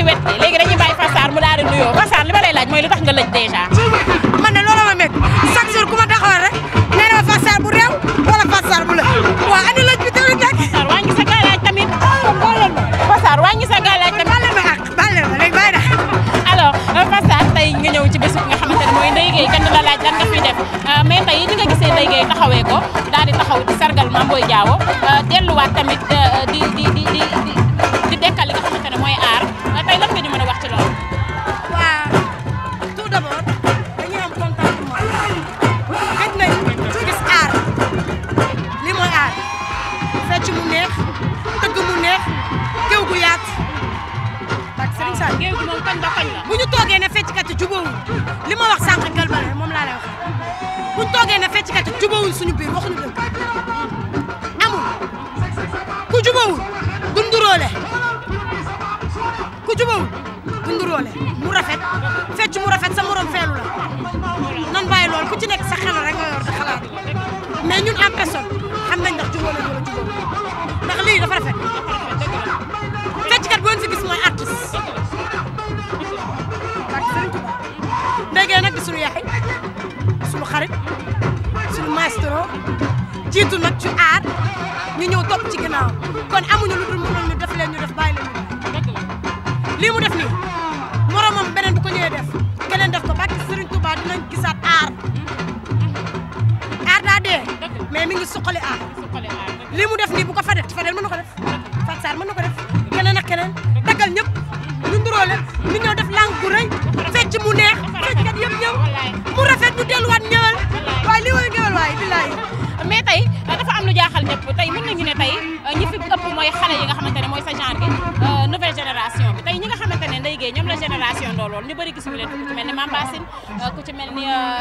si wet bi léegi dañuy bàyyi Fassar mu daal di nuyoo Fassar li ma laaj mooy lu tax nga lëj dèjà. man de ma métti chaque jour ku taxawal rek nee na ma bu réew wala Fassar bu la bi tamit tamit. xoolal ma euh, Fassar nga ñëw ci bés bi nga xamante ne euh, di taxaw di sargal Mame Boye Diao euh, delluwaat tamit di di. ndeysaan géew gi moom kañ ba kañ la bu ñu toogee ne fecckat yi jubóowul li ma wax sànq galbale moom laa lay wax bu ñu toogee ne fecckat yi jubóowul suñu biir waxuñu dëgg amul ku jubóowul du nduróole ku jubóowul du nduróole mu rafet fecc mu rafet sa morom feelu la nan bàyyi loolu ku ci nekk sa jiitu nag ci aar ñu ñëw topp ci ginnaaw kon amuñu lu dul mënoon ñu def leen ñu def bàyyi leen lii mu def nii moromam beneen bu ko ñëwee def keneen def ko barke Serigne Touba dinañ gisaat aar aar daa dee mais mi ngi suqali aar lii mu def nii bu ko fa def Fadel def Fatou Sarr mën def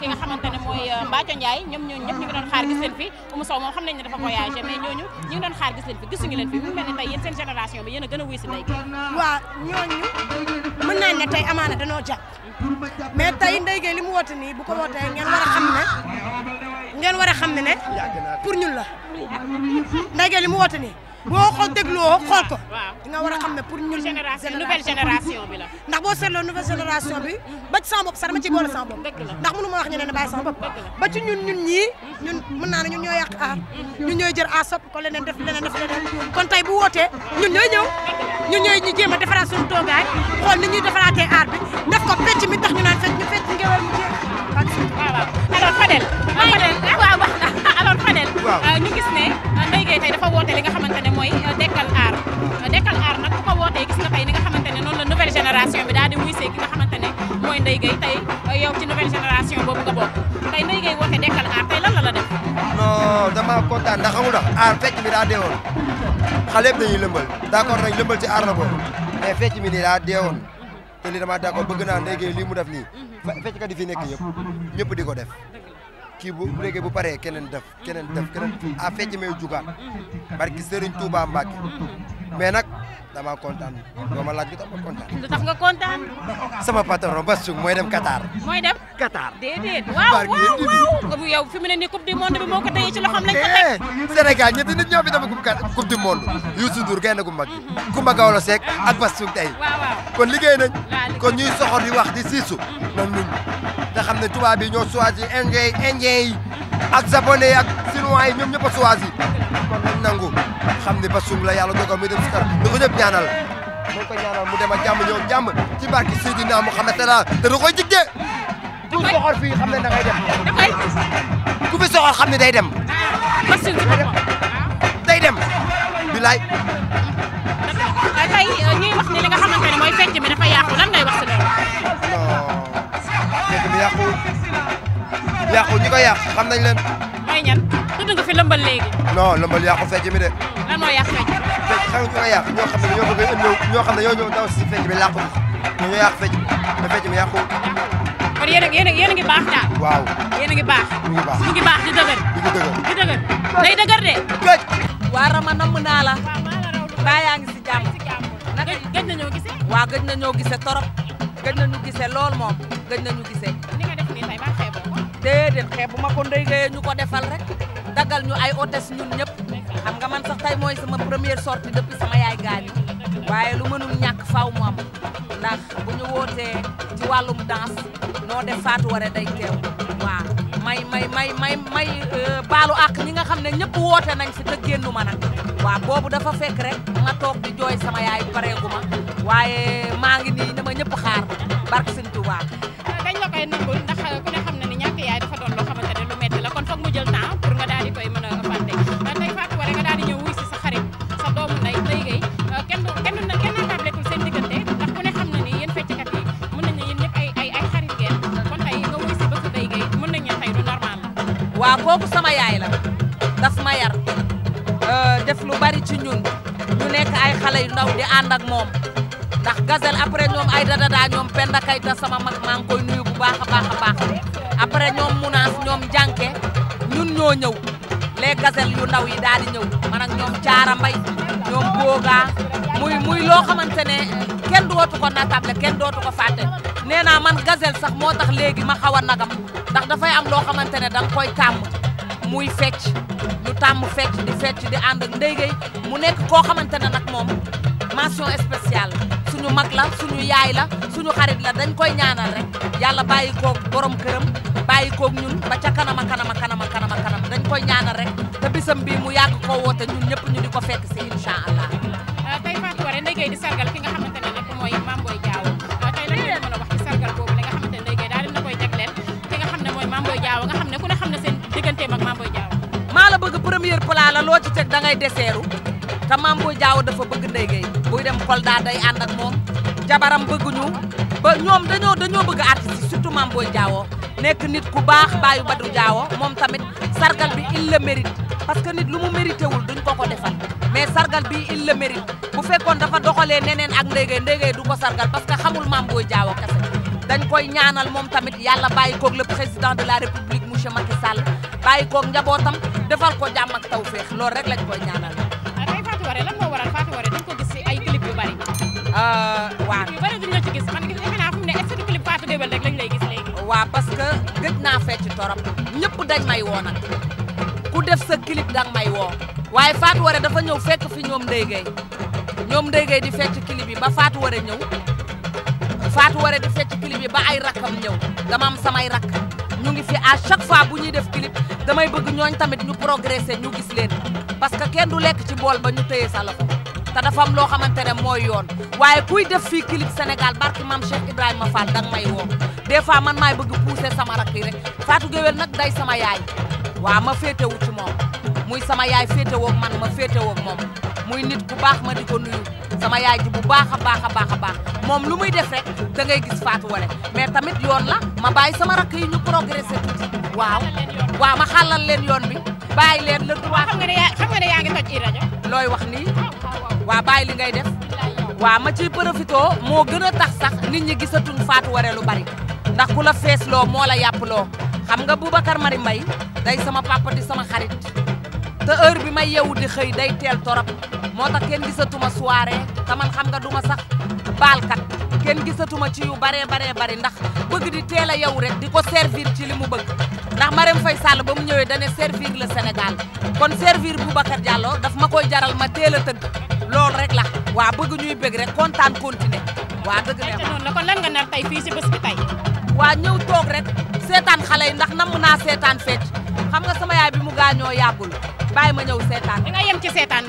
ki nga xamante ne mooy euh, Mbathio Ndiaye ñoom ñooñu ñëpp ñu ngi doon xaar gis fi Oumou Sow moom xam nañ ne dafa voyagé mais ñooñu leen fi gisuñu leen fi mu mel ne tey yéen seen génération bi yéen a gën a wuy si ndey Gueye waaw ñooñu mën naa ne tey amaana danoo jàpp mais tey Ndeye Gueye li mu woote nii bu ko wootee ngeen war a xam ne ngeen war a xam ne ne pour ñun la Ndeye Gueye li mu woote nii boo ko dégloo xool ko. nga war a xam ne pour ñun. génération nouvelle génération bi la. ndax boo seetloo nouvelle génération bi. ba ci sama bopp boole sama bopp. ndax mënu ma wax ñeneen bàyyi sama bopp. ba ñun ñun ñii. ñun mën naa ñun ñoo yàq aar. Mm-hmm. ñun ñooy jël aar sopp ko leneen def leneen def leneen. kon tey bu wootee ñun ñooy ñun ñooy ñu jéem a defaraat suñu toogaay ni ñuy defaraatee aar bi def ko fecc mi tax ñu naan fecc ñu fecc ngewal mu jéem. waaw waaw alors Euh, dekkal aar dekkal aar nag ku ko wootee gis nga tey ni nga ne noonu la nouvelle génération bi daal wuy see ki nga ne mooy Ndeye Gueye tey euh, yow ci nouvelle génération boobu nga bokk tey Ndeye Gueye woote dekkal aar tey lan la la def non dama kontaan ndax xamul ndax aar fecc bi daa deewoon xale yëpp dañuy lëmbal d'accord nañ lëmbal ci aar la boobu mais fecc mi daa deewoon te li dama d'accord bëgg naa Ndeye Gueye lii mu def nii mhm. fecckat yi fi nekk ñëpp ñëpp di ko def kii bu léegi bu paree keneen def keneen def keneen a fecc may jugaan barki Serigne Touba Mbacke mais nag dama kontaan doo ma laaj lu kontaan. sama patron Bassou mooy dem Qatar. mooy dem Qatar. déedéet waaw waaw waaw yow fi mu ne nii coupe du bi moo ko ci loxoom lañ ko teg. Eh, Sénégal ñetti nit ñoo fi dem coupe du monde Youssou Ndour gu mag gi Kumba ak Bassou tey. waaw kon liggéey kon ñuy soxor di wax siisu. nañ ñun. te xam na tubaab bi ñoo choisi indien yi indien yi ak japonais yi ak chinois yi ñoom ñëpp a choisi kon nañ nangu xam ne ba suum la yàlla dogal muy dem si kar da ko ñëpp ñaanal moom ko ñaanal mu dem ak jàmm ñëw jàmm ci barke Seydina Muhammad tala te da koy jigde ku soxor fii xam ne da ngay dem ku fi soxor xam ne day dem day dem bilaay euh, koy yàq xam nañ leen. mooy ñan tudd nga fi lëmbal léegi. non lëmbal yàqu fecc de. lan moo yàq fecc. fecc xam nga ku koy yàq kon yéen a a ngi baax daal. waaw yéen a ngi baax. mu ngi baax mu ngi baax di dëgër. di dëgër di dëgër day de. gëj. waa Rama namm naa la. yaa ngi si jàmm. naka gëj nañoo gisee. waaw gëj nañoo gisee torop gëj lool mo gëj nañu gisee. ni déedéet xeebu ma ko ndey gayee ñu ko defal rek dagal ñu ay hôtesse ñun ñëpp xam nga man sax tey mooy sama première sortie depuis sama yaay gaañu waaye lu mënul ñàkk faw mu am ndax bu ñu wootee ci wàllum danse noo def faatu ware day teew waaw may may may may may euh, baalu àq ñi nga xam ne ñëpp woote nañ si te génnu ma nag waaw boobu dafa fekk rek ma toog di jooy sama yaay pareegu ma waaye maa ngi nii dama ñëpp xaar barke Sëñ Tuubaa dañ la koy nangul ndax ku ne xam kooku sama yaay la daf ma yar euh, def lu bari ci ñun ñu nekk ay xale yu ndaw di ànd moom ndax gazel après ñoom ay dadadaa ñoom Penda Kayta sama mag maa ngi koy nuyu bu baax a baax a ñoom munaas ñoom jànke ñun ñoo ñëw les gazel yu ndaw yi daal di ñëw man ak ñoom caara ñoom boogaa muy muy loo xamante ne kenn dootu ko natable kenn dootu ko fàtte nee naa man gazel sax moo tax léegi ma xaw a nagam ndax dafay am loo xamante ne danga koy tàmm muy fecc ñu tàmm fecc di fecc di ànd ak Ndeye mu nekk koo xamante ne nag moom mention spéciale suñu mag la suñu yaay la suñu xarit la dañ koy ñaanal rek yàlla bàyyi koog borom këram bàyyi koog ñun ba ca kanama a kanama a kanam dañ koy ñaanal rek te bisam bi mu yàgg koo woote ñun ñëpp ñu di ko fekk si incha da ngay deseeru te maam booy jaaw dafa bëgg Ndeye Gueye buy dem Kolda day ànd ak moom jabaram bëgguñu ba ñoom dañoo dañoo bëgg artiste surtout maam booy jaawoo nekk nit ku baax baayu Badou Diawo moom tamit sargal bi il le mérite parce que nit lu mu mérité wul duñ ko ko defal mais sargal bi il le mérite bu fekkoon dafa doxalee neneen ak Ndeye Gueye Ndeye du ko sargal parce que xamul maam booy jaawoo kese dañ koy ñaanal moom tamit yàlla bàyyi koog le président de la république monsieur Macky Sall bàyyi koog njabootam defal ko jàmm ak tawféex loolu rek lañ koy ñaanal. tey ah, Fatou Waré lan moo waral dañ ko gis si ay clip yu bari. Euh, waaw yu ci gis man gis naa fi mu que clip Fatou Débel rek parce que gëj naa fecc torop ñëpp dañ may woo nag ku def sa clip dang may woo waaye Fatou Waré dafa ñëw fekk fi ñoom Ndeye Gueye ñoom Ndeye di fecc clip yi ba Fatou Waré ñëw. Fatou Waré di fecc clip yi ba ay rakkam ñëw dama am samay rakk ñu ngi fi à chaque fois bu ñuy def clip damay bëgg ñooñ tamit ñu progresser ñu gis leen parce que kenn du lekk ci bool ba ñu téye sa loxo te dafa am loo xamante ne mooy yoon waaye kuy def fii clip Sénégal barki maam Cheikh Ibrahima Fall danga may woo des fois man maay bëgg pousser sama rakk yi rek Fatou Guewel nag day sama yaay waa ma féetewu ci moom muy sama yaay féetewoog man ma féetewoog moom muy nit bu baax ma di ko nuyu sama yaay ji bu baax a baax a baax a baax moom lu muy def rek da ngay gis Fatou Wele mais tamit yoon la ma bàyyi sama rakk yi ñu progressé tuuti waaw waaw ma xàllal leen yoon bi baay leen la droit xam nga ne looy wax nii oh, oh, oh. waaw bàyyi li ngay def waa ma ciy profité moo gën a tax sax nit ñi gisatuñ Fatou Wele lu bari ndax ku la fees loo moo la yàpp loo xam nga Boubacar Mari Mbay day sama papa di sama xarit te bi may yewu di xëy day teel torop moo tax kenn gisatuma soirée te man xam nga duma sax baalkat kenn gisatuma ci yu baree bare bari ndax bëgg di teel a yow rek di ko servir ci li mu bëgg ndax Marème Faye Sall ba mu ñëwee dane servir la Sénégal kon servir Boubacar Diallo daf ma koy jaral ma teel a tëdd lool rek la waa bëgg ñuy bëgg rek kontaan continuer waa dëgg la lan nga nar tey fii si bés bi waa ñëw toog rek seetaan xale yi ndax namm naa seetaan fecc xam nga sama yaay bi mu gaañoo yàggul bàyyi ma ñëw seetaan.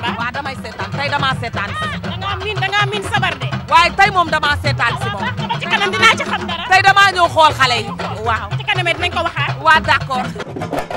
da ba. waaw damay seetaan tey damaa seetaan si. Ah, da ngaa miin sabar de. waaye tey moom damaa seetaan si moom. ba ci dinaa ci xam dara. tey damaa ñëw xool xale yi. waaw ci kanam ko waxaat. waaw d'accord.